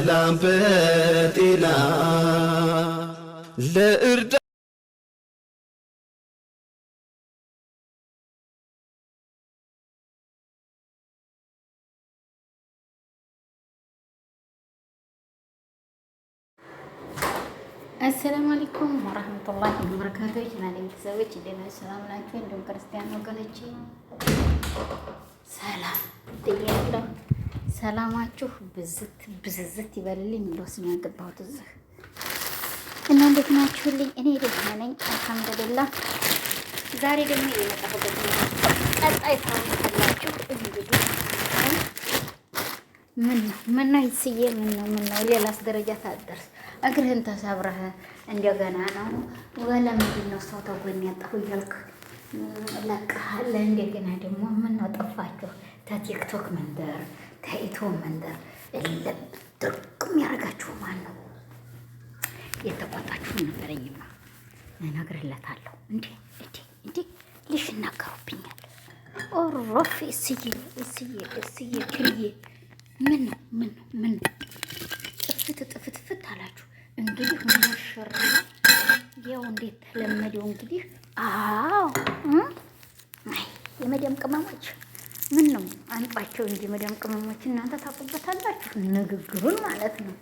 በሰላም በጤና ለእርዳ አሰላሙ አለይኩም ወራህመቱላሂ ወበረካቱ። የቻናሌ ቤተሰቦች እንዴት ናችሁ? ሰላም ናችሁ? እንዲሁም ክርስቲያን ወገኖቼ ሰላም ጥያቄ ሰላማችሁ ብዝት ብዝዝት ይበልልኝ። እንደው ስም ያገባሁት እዚህ እና እንዴት ናችሁልኝ? እኔ ደህና ነኝ አልሐምዱሊላህ። ዛሬ ደግሞ የመጣሁበት ቀጣይ ታሪክ እንግዲህ ምን ነው ምን ነው ይስዬ ምን ነው ምን ነው ሌላስ ደረጃ ታደርስ እግርህን ተሰብረህ እንደገና ነው ወለምንድን ነው ሰው ተጎን ያጣሁ እያልክ ለቀሃል። እንደገና ደግሞ ምን ነው ጠፋችሁ ተቲክቶክ መንደር ከኢትዮ መንደር እልም ድርቅም ያደርጋችሁ ማን ነው የተቆጣችሁ? ነበረኝማ እነግርለታለሁ። እንዴ እንዴ እንዴ ልሽ እናገሩብኛል። ኦሮፍ እስዬ እስዬ እስዬ ክርዬ ምን ነው ምን ነው ምን ነው ጥፍት ጥፍትፍት አላችሁ እንግዲህ ሙሽራ ያው እንዴት ተለመደው እንግዲህ ናቸው እንጂ መዲያም ቅመሞች እናንተ ታውቁበታላችሁ ንግግሩን ማለት ነው።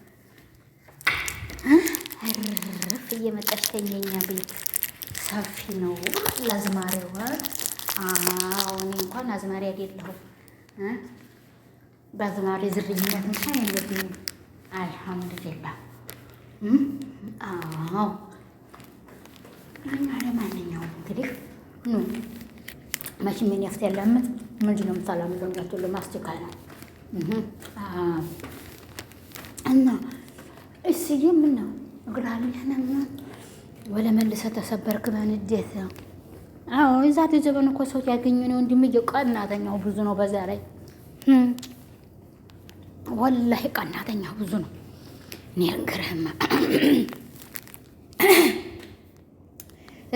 እርፍ እየመጣች ተኛኛ ቤት ሰፊ ነው ለአዝማሪዋ። አዎ እኔ እንኳን አዝማሪ አይደለሁም በአዝማሪ ዝርይነት እንኳን የለብኝም። አልሐምዱሊላ። አዎ እና ለማንኛውም እንግዲህ ኑ መቼም ምን ያፍት ያላምት ምንድን ነው የምታላምደው? እንዳት ሁሉ ማስቲካ ነው እና እስዬ ምን ነው እግራልህንማ ወለ መልሰ ተሰበርክ በንዴት ነው። አዎ እዛ ዘመን እኮ ሰው ያገኘ ነው። ወንድምዬ ቀናተኛው ብዙ ነው። በዛ ላይ ወላሂ ቀናተኛው ብዙ ነው። እኔ እንግርህማ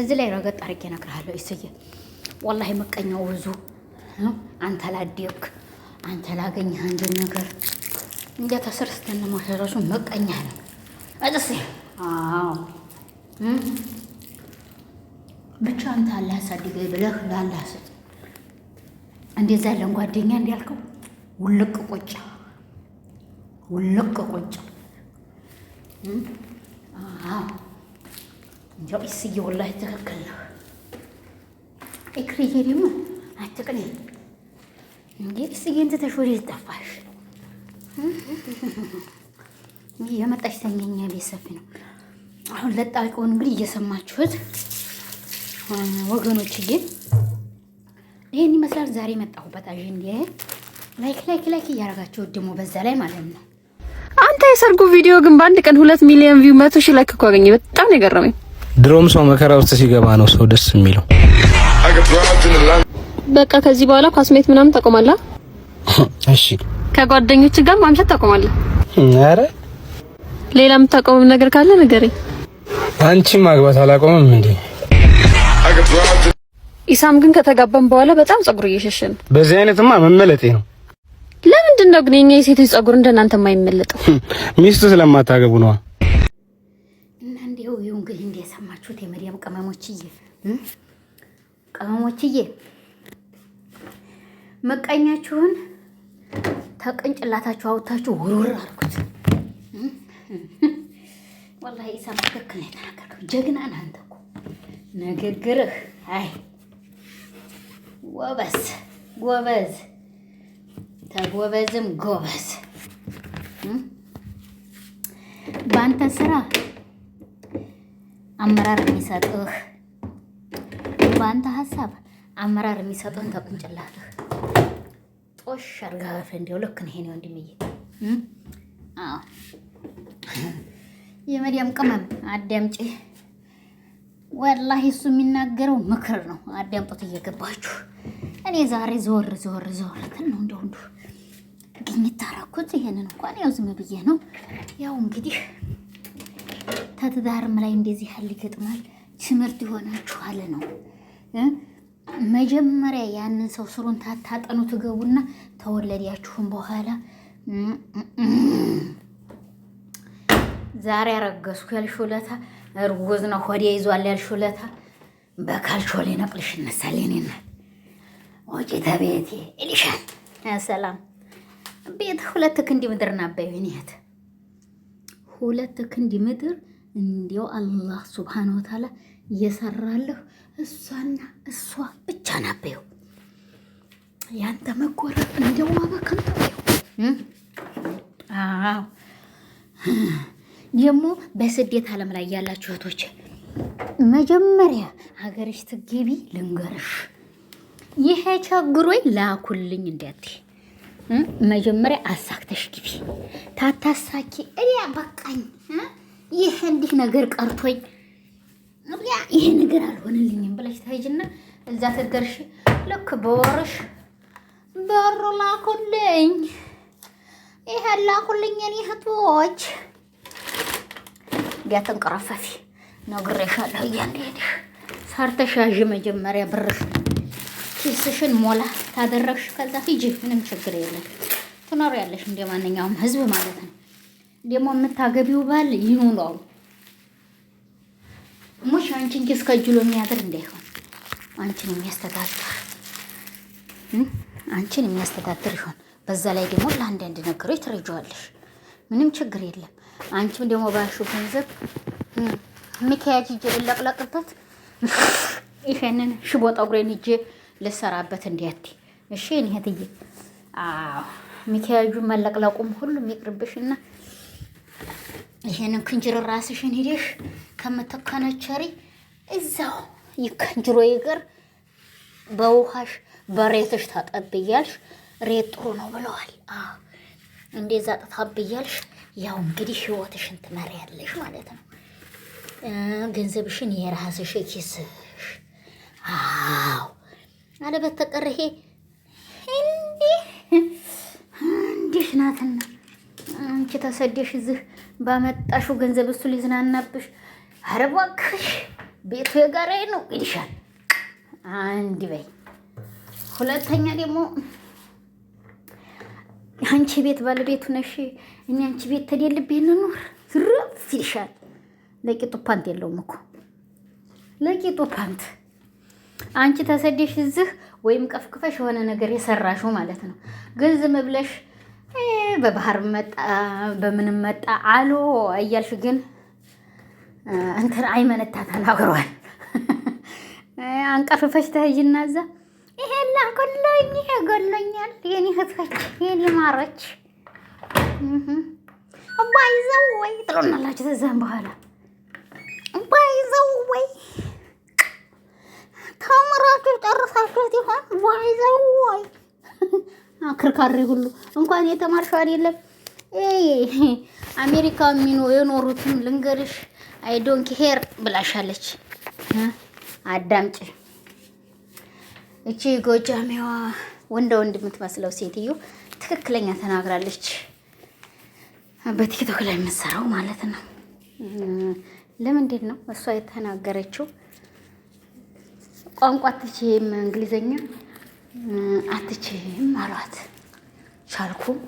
እዚህ ላይ ረገጥ አድርጌ እነግርሃለሁ። እስዬ ወላሂ መቀኛው ብዙ አንተ ላደግክ አንተ ላገኘህ አንድ ነገር እንደ ተስር ስትንሞት ራሱ መቀኛ ነው። እጥሴ አዎ ብቻ አንተ አላህ ያሳድገኝ ብለህ ለአላህ ስጥ። እንደዛ ያለን ጓደኛ እንዲያልከው ውልቅ ቁጭ ውልቅ ቁጭ እንዲያው ይስዬ ወላሂ ትክክል ነህ። ኢክርዬ ደግሞ አትቅኔ እንዴት ስዬን ትተሽ ጠፋሽ? የመጣሽ ተንገኛ ቤት ሰፊ ነው። አሁን ለጣቂውን እንግዲህ እየሰማችሁት ወገኖች ግን ይህን ይመስላል ዛሬ የመጣሁበት አጀንዳ። ላይክ ላይክ ላይክ እያደረጋችሁ ደግሞ በዛ ላይ ማለት ነው። አንተ የሰርጉ ቪዲዮ ግን በአንድ ቀን ሁለት ሚሊዮን ቪው መቶ ሺህ ላይክ እኮ አገኘ። በጣም ነው የገረመኝ። ድሮም ሰው መከራ ውስጥ ሲገባ ነው ሰው ደስ የሚለው። በቃ ከዚህ በኋላ ኳስሜት ምናምን ተቆማላ እሺ። ከጓደኞች ጋር ማምሸት ታቆማለህ? አረ ሌላ የምታቆመው ነገር ካለ ንገረኝ። አንቺ ማግባት አላቆምም እንዴ? ኢሳም ግን ከተጋባም በኋላ በጣም ጸጉሩ እየሸሸ ነው። በዚህ አይነትማ መመለጤ ነው። ለምንድን ነው ግን የኛ የሴት ጸጉር እንደናንተ የማይመለጠው? ሚስቱ ስለማታገቡ ነዋ። እና እንዲሁ ይሁን። እንግዲህ እንደሰማችሁት የመዲያም ቅመሞችዬ ቅመሞችዬ ምቀኛችሁን ተቅንጭላታችሁ አውጥታችሁ ውርውር አልኩት። ወላሂ ኢሳም ትክክል ነው የተናገርከው። ጀግና ነህ አንተ እኮ ንግግርህ። አይ ጎበዝ ጎበዝ፣ ተጎበዝም ጎበዝ። በአንተ ስራ አመራር የሚሰጥህ በአንተ ሀሳብ አመራር የሚሰጥህን ተቁንጭላትህ ቆሽ አድርጋ አረፈ። እንዲያው ልክ ነው። ይሄ ነው ወንድምዬ። አዎ የመዲያም ቅመም አዳምጪ። ወላሂ እሱ የሚናገረው ምክር ነው። አዳምጦት እየገባችሁ እኔ ዛሬ ዞር ዞር ዞር እንትን ነው እንደው እንዱ ግኝት አደረኩት። ይሄንን እንኳን ያው ዝም ብዬ ነው። ያው እንግዲህ ተትዳርም ላይ እንደዚህ ያህል ይገጥማል። ትምህርት ይሆናችኋል ነው እ መጀመሪያ ያንን ሰው ስሩን ታታጠኑ ትገቡና ተወለዳችሁም በኋላ ዛሬ ያረገዝኩ ያልሽው ዕለታ እርጉዝ ነው ሆዴ ይዟል ያልሽው ዕለታ በካልቾ ላይ ነቅልሽ እነሳለን ይናል ወጪ ተቤት ኤሊሻን ሰላም ቤት ሁለት ክንዲ ምድር ናበዩ ኒየት ሁለት ክንዲ ምድር እንዲው አላህ ስብሓን ወተዓላ እየሰራለሁ እሷና እሷ ብቻ ናበየው። ያንተ መጎረፍ እንደው አባከንተ አዎ ደግሞ በስደት ዓለም ላይ ያላችሁ እህቶች መጀመሪያ ሀገርሽ ትገቢ ልንገርሽ፣ ይሄ ቸግሮኝ ላኩልኝ እንዲያት መጀመሪያ አሳክተሽ ግቢ። ታታሳኪ እኔ በቃኝ፣ ይህ እንዲህ ነገር ቀርቶኝ አብያ ይሄ ነገር አልሆነልኝም ብለሽ ታይጅና እዛ ተደርሽ ልክ በወርሽ በሩ ላኩልኝ። ይሄ ላኩልኝ የኔ እህቶች ነግሬሻለሁ። መጀመሪያ ብርሽ ኪስሽን ሞላ ታደረግሽ። ከዛ ሂጂ፣ ምንም ችግር የለም ትኖሪያለሽ እንደ ማንኛውም ህዝብ ማለት ነው። ደግሞ የምታገቢው ባል ይኑረው ሙሽ አንቺ እንጂ እስከ እጅሎ የሚያድር እንዳይሆን አንቺን የሚያስተዳድር አንቺን የሚያስተዳድር ይሆን። በዛ ላይ ደግሞ ለአንዳንድ ነገሮች ትረጃዋለሽ። ምንም ችግር የለም። አንቺም ደግሞ ባልሽው ገንዘብ ሚካያጅ እጄ ልለቅለቅበት ይሄንን ሽቦ ጠጉሬን እጄ ልሰራበት እንዲያቴ እሺ እህትዬ፣ ሚካያጁ መለቅለቁም ሁሉም ይቅርብሽና ይሄንን ክንጅር ራስሽን ሂደሽ ከመተከነቸሪ እዛው ይከንጅሮ ይገር በውሃሽ በሬትሽ ታጠብያልሽ። ሬት ጥሩ ነው ብለዋል። እንደዛ ጥታብያልሽ። ያው እንግዲህ ህይወትሽን ትመሪያለሽ ማለት ነው። ገንዘብሽን የራስሽ ኪስሽ። አዎ አለበተቀር ይሄ እንዲህ እንዲህ ናትና አንቺ ተሰደሽ እዚህ ባመጣሹ ገንዘብ እሱ ሊዝናናብሽ ኧረ እባክሽ ቤቱ የጋራዬ ነው ይልሻል። አንድ በይ። ሁለተኛ ደግሞ አንቺ ቤት ባለቤቱ ነሽ። እኔ አንቺ ቤት ተደልቤን ኖር ዝረፍ ይልሻል። ለቂጡ ፓንት የለውም እኮ ለቂጡ ፓንት። አንቺ ተሰደሽ እዚህ ወይም ቀፍቅፈሽ የሆነ ነገር የሰራሽው ማለት ነው። ግን ዝም ብለሽ በባህር መጣ በምንም መጣ አሎ እያልሽ ግን እንትን አይመነታ ተናግሯል። አንቀርፈሽ ተህይና እዛ ይሄላ ጎሎኝ ይሄ ጎሎኛል። የኔ ህትፈች የኔ ማሮች ባይዘው ወይ ጥሎናላችሁ። ተዛም በኋላ ባይዘው ወይ ተምራችሁ ጨርሳችሁት ይሆን? ባይዘው ወይ ክርካሪ ሁሉ እንኳን የተማርሽው አይደለም አሜሪካ የኖሩትም ልንገርሽ አይ ዶንት ኬር ብላሻለች። አዳምጭ እቺ ጎጃሜዋ ወንደ ወንድ የምትመስለው ሴትዮ ትክክለኛ ተናግራለች። በቲክቶክ ላይ የምትሰራው ማለት ነው። ለምንድን ነው እሷ የተናገረችው? ቋንቋ አትችም፣ እንግሊዘኛ አትችም አሏት። ቻልኩም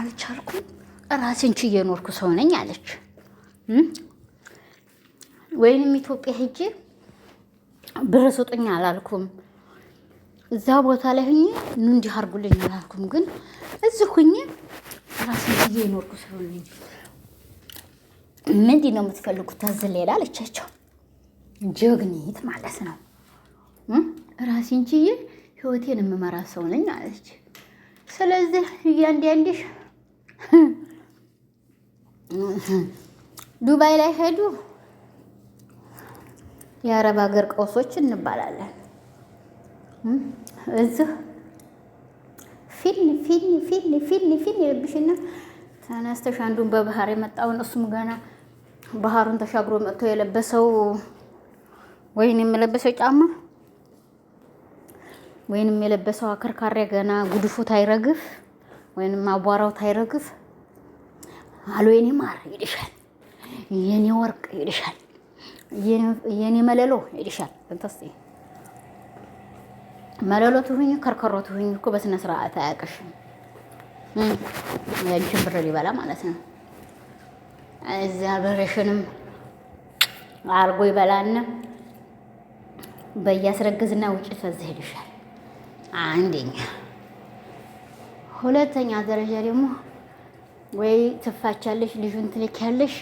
አልቻልኩም ራሴን ችዬ የኖርኩ ሰው ነኝ አለች። ወይንም ኢትዮጵያ ሄጄ ብር ስጡኝ አላልኩም። እዛ ቦታ ላይ ሁኜ ኑ እንዲህ አድርጉልኝ አላልኩም። ግን እዚህ ሁኜ ራሴን ጊዜ የኖርኩ ስለሆነ ምንድን ነው የምትፈልጉት? ታዝል ሌላ አለቻቸው። ጀግኒት ማለት ነው። ራሴን ችዬ ህይወቴን የምመራ ሰው ነኝ አለች። ስለዚህ እያንዳንድሽ ዱባይ ላይ ሄዱ የአረብ ሀገር ቀውሶች እንባላለን። እዚህ ፊን ፊን ፊን ፊን ፊን የልብሽና ተነስተሽ አንዱን በባህር የመጣውን እሱም ገና ባህሩን ተሻግሮ መጥቶ የለበሰው ወይንም የለበሰው ጫማ ወይንም የለበሰው አከርካሪ ገና ጉድፉ ታይረግፍ ወይንም አቧራው ታይረግፍ አሎ የኔ ማር ይልሻል፣ የኔ ወርቅ ይልሻል። የኔ መለሎ ይልሻል። እንተስ መለሎ ትሁኝ ከርከሮ ትሁኝ እኮ በስነ ስርዓት አያውቅሽም። ያንቺን ብር ሊበላ ማለት ነው። እዚያ ብርሽንም አርጎ ይበላና በያስረግዝና ውጭ ይልሻል። አንደኛ ሁለተኛ ደረጃ ደግሞ ወይ ትፋቻለሽ፣ ልጁን ትልኪያለሽ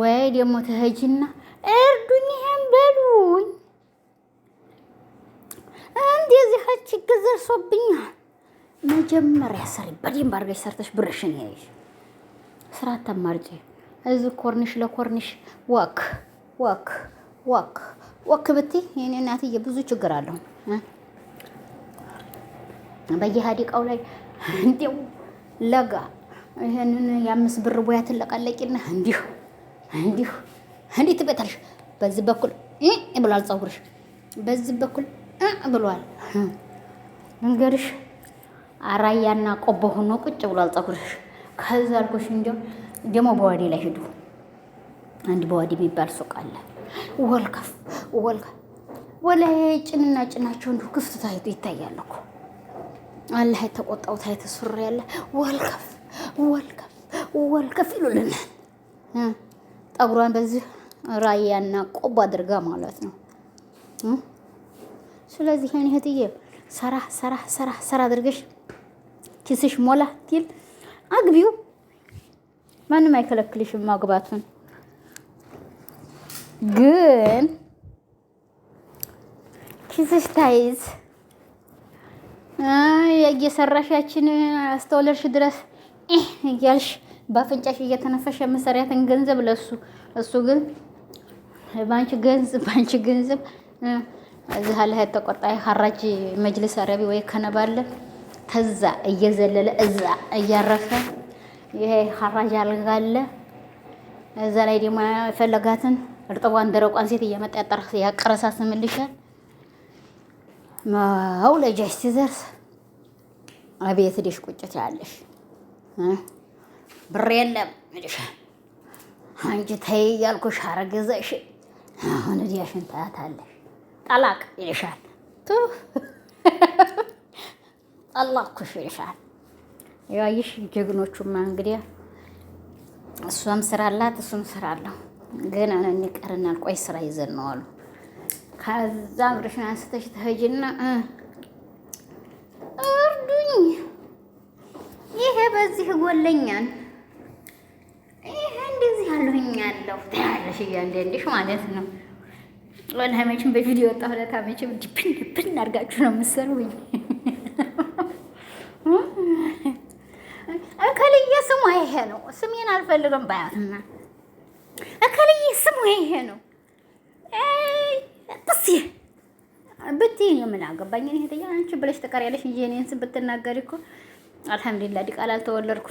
ወይ ደግሞ ትሄጂና እርዱኝ፣ ይሄን በሉኝ፣ እንደዚህ ችግር ደርሶብኛል። መጀመሪያ ሰሪ በደንብ አድርገሽ ሰርተሽ ብርሽን ያይሽ ስራ አታማርጪ። እዚህ ኮርኒሽ ለኮርኒሽ ዋክ ዋክ ዋክ ወክ ብቲ የኔ እናትዬ ብዙ ችግር አለው። በየሀዲቃው ላይ እንዲው ለጋ ይሄንን የአምስት ብር ቦያ ትለቃለቂና እንዲሁ እንዲሁ እንዴት ትበታለሽ? በዚህ በኩል ብሏል ፀጉርሽ፣ በዚህ በኩል ብሏል መንገድሽ። አራያና ቆቦ ሆኖ ቁጭ ብሏል ፀጉርሽ። ከዛ አልኩሽ እንዲያው ደግሞ በዋዴ ላይ ሂዱ። አንድ በዋዴ የሚባል ሱቅ አለ። ወልከፍ ወልከፍ ወላይ ጭንና ጭናቸው እንዲሁ ክፍት ታይቶ ይታያል እኮ አላህ የተቆጣው ታይቶ ሱሪ ያለ ወልከፍ ወልከፍ ወልከፍ ይሉልናል። ጠጉሯን በዚህ ራያና ቆብ አድርጋ ማለት ነው። ስለዚህ እኔ እህትዬ ሰራ ሰራ ሰራ ሰራ አድርገሽ ኪስሽ ሞላ ቲል አግቢው። ማንም አይከለክልሽም ማግባቱን። ግን ኪስሽ ታይዝ የሰራሻችን አስተውለሽ ድረስ እያልሽ በአፍንጫሽ እየተነፈሽ የምሰሪያትን ገንዘብ ለሱ እሱ ግን ባንቺ ገንዘብ ባንቺ ገንዘብ እዚህ አለ ተቆጣይ ሀራጅ መጅልስ አረቢ ወይ ከነባለ ተዛ እየዘለለ እዛ እያረፈ ይሄ ሀራጅ አልጋለ እዛ ላይ ደግሞ የፈለጋትን እርጥቧን ደረቋን ሴት እየመጣ ያጠራስ ያቀረሳ ስምልሻል መውለጃሽ ሲዘርስ አቤት ዲሽ ቁጭት ያለሽ ብር የለም አንቺ ተይ እያልኩሽ አረገዛሽ አሁን ወዲያሽን ታያታለሽ። ጠላቅ ይልሻል። ቱ ጠላቅኩሽ ይልሻል። ያይሽ ጀግኖቹማ እሷም ስራ አላት እሱም ስራ አለው። ግን ቆይ ስራ ይዘን ነው አሉ። ከዛ ብርሽን አንስተሽ እርዱኝ፣ ይሄ በዚህ ጎለኛን አለሁኝ ያለሁ ትያለሽ እያንዳንድሽ ማለት ነው። ወላሂ መቼም በቪዲዮ ወጣ ሁለት መቼም ድብን ድብን አድርጋችሁ ነው የምትሰሩኝ። እከልዬ ስሙ ይሄ ነው። ስሜን አልፈልግም ባያትና እከልዬ ስሙ ይሄ ነው ጥስ ብትይ ምን አገባኝ እኔ እህትዬ፣ አንቺ ብለሽ ትቀሪያለሽ እንጂ እኔን ስም ብትናገሪ እኮ አልሐምዱሊላህ ዲቃላ አልተወለድኩ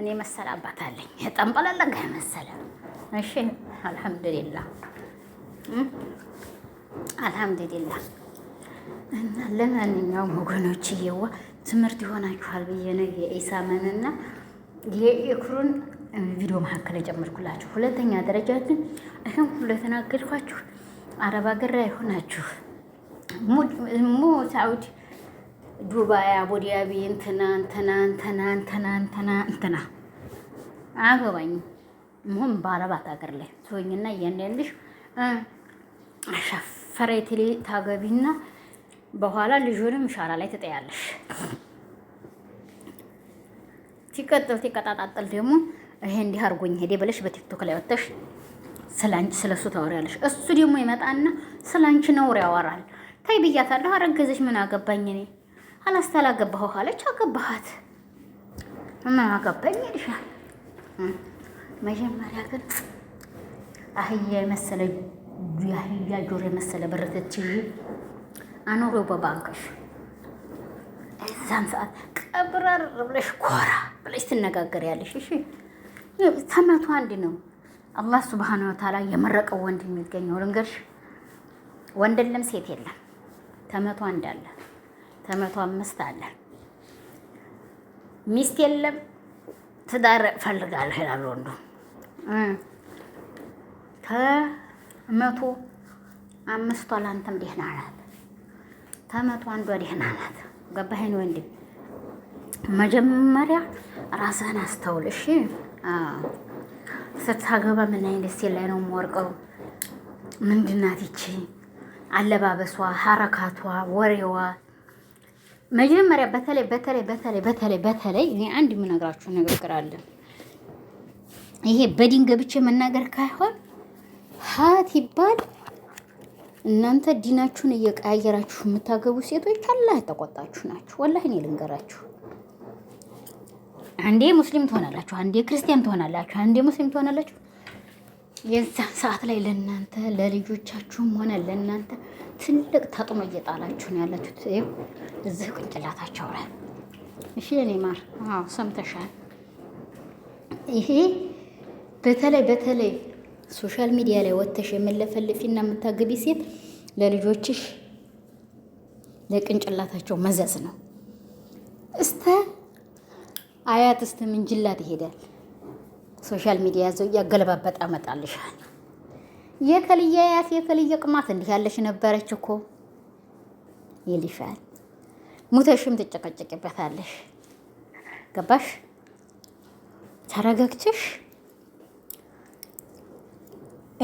እኔ መሰለ አባት አለኝ። ጠንበለለጋ መሰለ። እሺ አልሐምዱሊላ አልሐምዱሊላ። እና ለማንኛውም ወገኖች እየዋ ትምህርት ይሆናችኋል ብዬ ነው የኢሳምንና የኢክሩን ቪዲዮ መካከል የጨመርኩላችሁ። ሁለተኛ ደረጃ ግን ይህን ሁሉ የተናገርኳችሁ አረብ ሀገር ላይ ሆናችሁ ሙ ሳዑዲ ዱባይ፣ አቡዲያቢ፣ እንትና እንትና እንትና እንትና እንትና እንትና አገባኝ ምሁን በአረባት ሀገር ላይ ትሆኝና እያንዳንድሽ አሻፈረ የቴሌ ታገቢና በኋላ ልጆንም ሻራ ላይ ትጠያለሽ። ሲቀጥል ሲቀጣጣጥል ደግሞ ይሄ እንዲህ አድርጎኝ ሄዴ ብለሽ በቲክቶክ ላይ ወጥተሽ ስላንቺ ስለሱ ታወሪያለሽ። እሱ ደግሞ ይመጣና ስላንቺ ነውር ያወራል። ተይ ብያታለሁ፣ አረገዘሽ ምን አገባኝ እኔ አላስታ አላገባሁህ አለች። አገባሃት። ምን አገባኝ ይልሻል። መጀመሪያ ግን አህያ የመሰለ የአህያ ጆሮ የመሰለ ብር ትችይ አኑሪው በባንክሽ። እዛም ሰዓት ቀብረር ብለሽ ኮራ ብለሽ ትነጋገሪያለሽ። እሺ ተመቱ አንድ ነው። አላህ ስብሓን ወተዓላ የመረቀው ወንድ የሚገኘው ልንገርሽ፣ ወንድ የለም ሴት የለም። ተመቶ አንድ አለ። ከመቶ አምስት አለ ሚስት የለም ትዳር ፈልጋለሁ ይላል ወንዱ። ከመቶ አምስቷ ላንተም ደህና ናት፣ ከመቶ አንዷ ደህና ናት። ገባህን ወንድም? መጀመሪያ ራስህን አስተውል እሺ። ስታገባ ምን አይነት ሴት ላይ ነው የምወርቀው? ምንድናት ይቺ? አለባበሷ፣ ሀረካቷ፣ ወሬዋ መጀመሪያ በተለይ በተለይ በተለይ በተለይ በተለይ እኔ አንድ የምነግራችሁ ንግግር አለ። ይሄ በዲን ገብቼ መናገር ካይሆን ሀት ይባል እናንተ ዲናችሁን እየቀያየራችሁ የምታገቡ ሴቶች አላህ ተቆጣችሁ ናችሁ። ወላሂ እኔ ልንገራችሁ፣ አንዴ ሙስሊም ትሆናላችሁ፣ አንዴ ክርስቲያን ትሆናላችሁ፣ አንዴ ሙስሊም ትሆናላችሁ የዛን ሰዓት ላይ ለእናንተ ለልጆቻችሁም ሆነ ለእናንተ ትልቅ ተጥሞ እየጣላችሁ ነው ያላችሁት። ይኸው እዚህ ቅንጭላታቸው ላይ እሺ፣ የኔ ማር፣ ሰምተሻል። ይሄ በተለይ በተለይ ሶሻል ሚዲያ ላይ ወጥተሽ የምለፈልፊና የምታገቢ ሴት ለልጆችሽ ለቅንጭላታቸው መዘዝ ነው። እስተ አያት እስተ ምንጅላት ይሄዳል። ሶሻል ሚዲያ ያዘው እያገለባበጠ መጣልሻል። የከልየ ያት የከልየ ቅማት እንዲህ ያለች ነበረች እኮ ይልሻል። ሙተሽም ትጨቀጨቅበታለሽ። ገባሽ? ተረጋግተሽ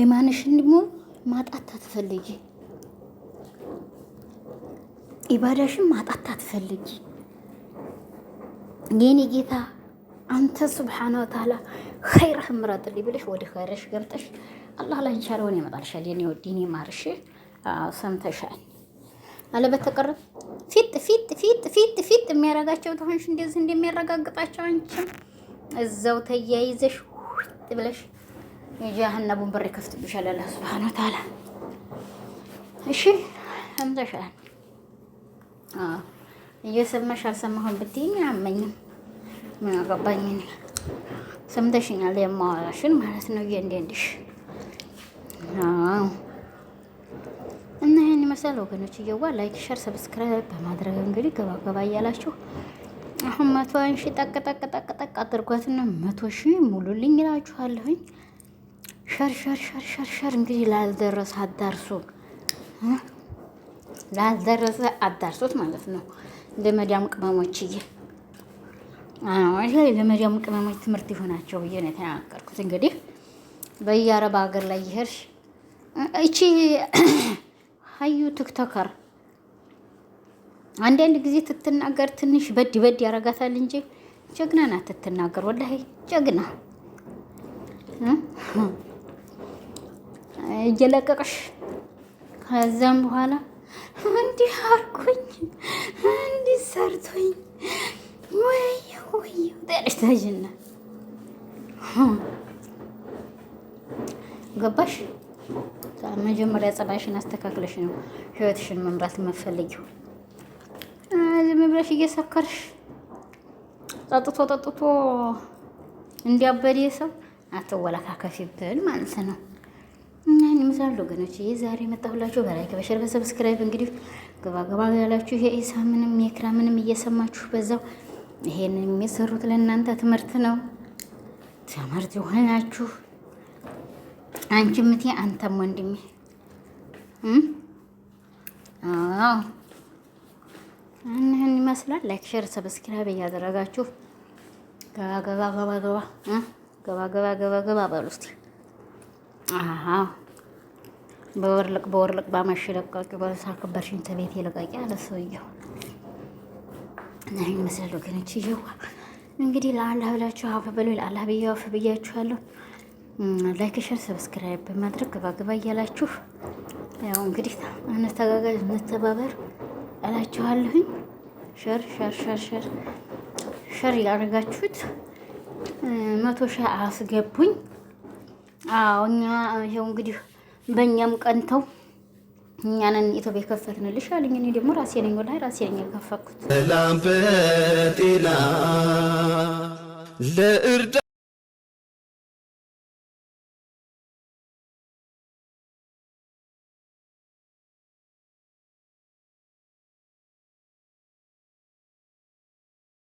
ኢማንሽን ደግሞ ማጣት አትፈልጊ፣ ኢባዳሽን ማጣት አትፈልጊ። የኔ ጌታ አንተ ስብሓነ ወተዓላ ኸይርህ ምረጥልኝ ብልሽ ወደ ኸይርሽ ገብጠሽ አላህ ላይ የቻለውን ያመጣልሻል። የኔ ወድ የኔ ማርሽ ሰምተሻል። አለበተቀረ ፊጥ ፊጥ ፊጥ ፊጥ ፊጥ የሚያረጋቸው ተሆንሽ እንደዚህ እንደሚያረጋግጣቸው አንቺም እዛው ተያይዘሽ ውጥ ብለሽ የጀሃነቡን በር ይከፍትብሻል አላህ ሱብሓነሁ ወተዓላ። እሺ ሰምተሻል። እየሰማሽ አልሰማሁም ብትይኝ አያመኝም። ምን አገባኝ እኔ ሰምተሽኛል? የማዋራሽን ማለት ነው እያንዳንድሽ እና ይህን ይመስላል ወገኖች። እየዋ ላይክ፣ ሸር፣ ሰብስክራይብ በማድረግ እንግዲህ ገባ ገባ እያላችሁ አሁን መቶ አንሺ ጠቅ ጠቅ ጠቅ ጠቅ አድርጓትና መቶ ሺ ሙሉልኝ ይላችኋለሁኝ። ሸር ሸር ሸር ሸር ሸር እንግዲህ ላልደረሰ አዳርሱ፣ ላልደረሰ አዳርሶት ማለት ነው። እንደ መዳም ቅመሞችዬ ይሄ ለመሪያም ቅመሞች ትምህርት ይሆናቸው ብዬ ነው የተናገርኩት። እንግዲህ በየአረብ ሀገር ላይ ይሄድሽ እቺ ሀዩ ቲክቶከር አንዳንድ ጊዜ ትትናገር ትንሽ በድ በድ ያረጋታል እንጂ ጀግና ናት። ትትናገር ወላሂ ጀግና እየለቀቀሽ ከዛም በኋላ እንዲህ አርኩኝ እንዲህ ሰርቶኝ ታጅና ገባሽ? መጀመሪያ ጸባይሽን አስተካክለሽ ነው ህይወትሽን መምራት የምትፈልጊው። ዝም ብለሽ እየሰከርሽ ጠጥቶ ጠጥቶ እንዲያበድ ሰው አትወለካከፊብን ማለት ነው። እኛን ይምዛሉ ወገኖች። ይህ ዛሬ የመጣሁላችሁ በላይክ በሸር በሰብስክራይብ እንግዲህ ገባ ያላችሁ የኢሳ ምንም የክራ ምንም እየሰማችሁ በዛው ይሄን የሚሰሩት ለእናንተ ትምህርት ነው። ትምህርት የሆናችሁ አንቺ ምቴ፣ አንተም ወንድሜ እህን ይመስላል። ላይክ፣ ሼር፣ ሰብስክራይብ እያደረጋችሁ ገባ ገባ ገባ ገባ ገባ ገባ ገባ ገባ በሉ እስኪ በወርልቅ በወርልቅ ባማሽ ለቃቂ በሳክበርሽኝ ተቤት ይለቃቂ አለ ሰውየው። ያን ይመስላል ወገኖች። ይዋ እንግዲህ ለአላህ ብላችሁ አፍ በሉ ለአላህ ብዬ አፍ ብያችኋለሁ። ላይክ፣ ሸር፣ ሰብስክራይብ በማድረግ ገባገባ እያላችሁ ያው እንግዲህ እንተጋጋዝ እንተባበር እላችኋለሁኝ። ሸር ሸር ሸር ሸር ሸር ያደረጋችሁት መቶ ሺህ አስገቡኝ። አዎ እኛ ይኸው እንግዲህ በእኛም ቀንተው እኛንን ኢትዮጵያ የከፈትንልሽ አለኝ። እኔ ደግሞ ራሴ ነኝ ወላሂ ራሴ ነኝ የከፈትኩት።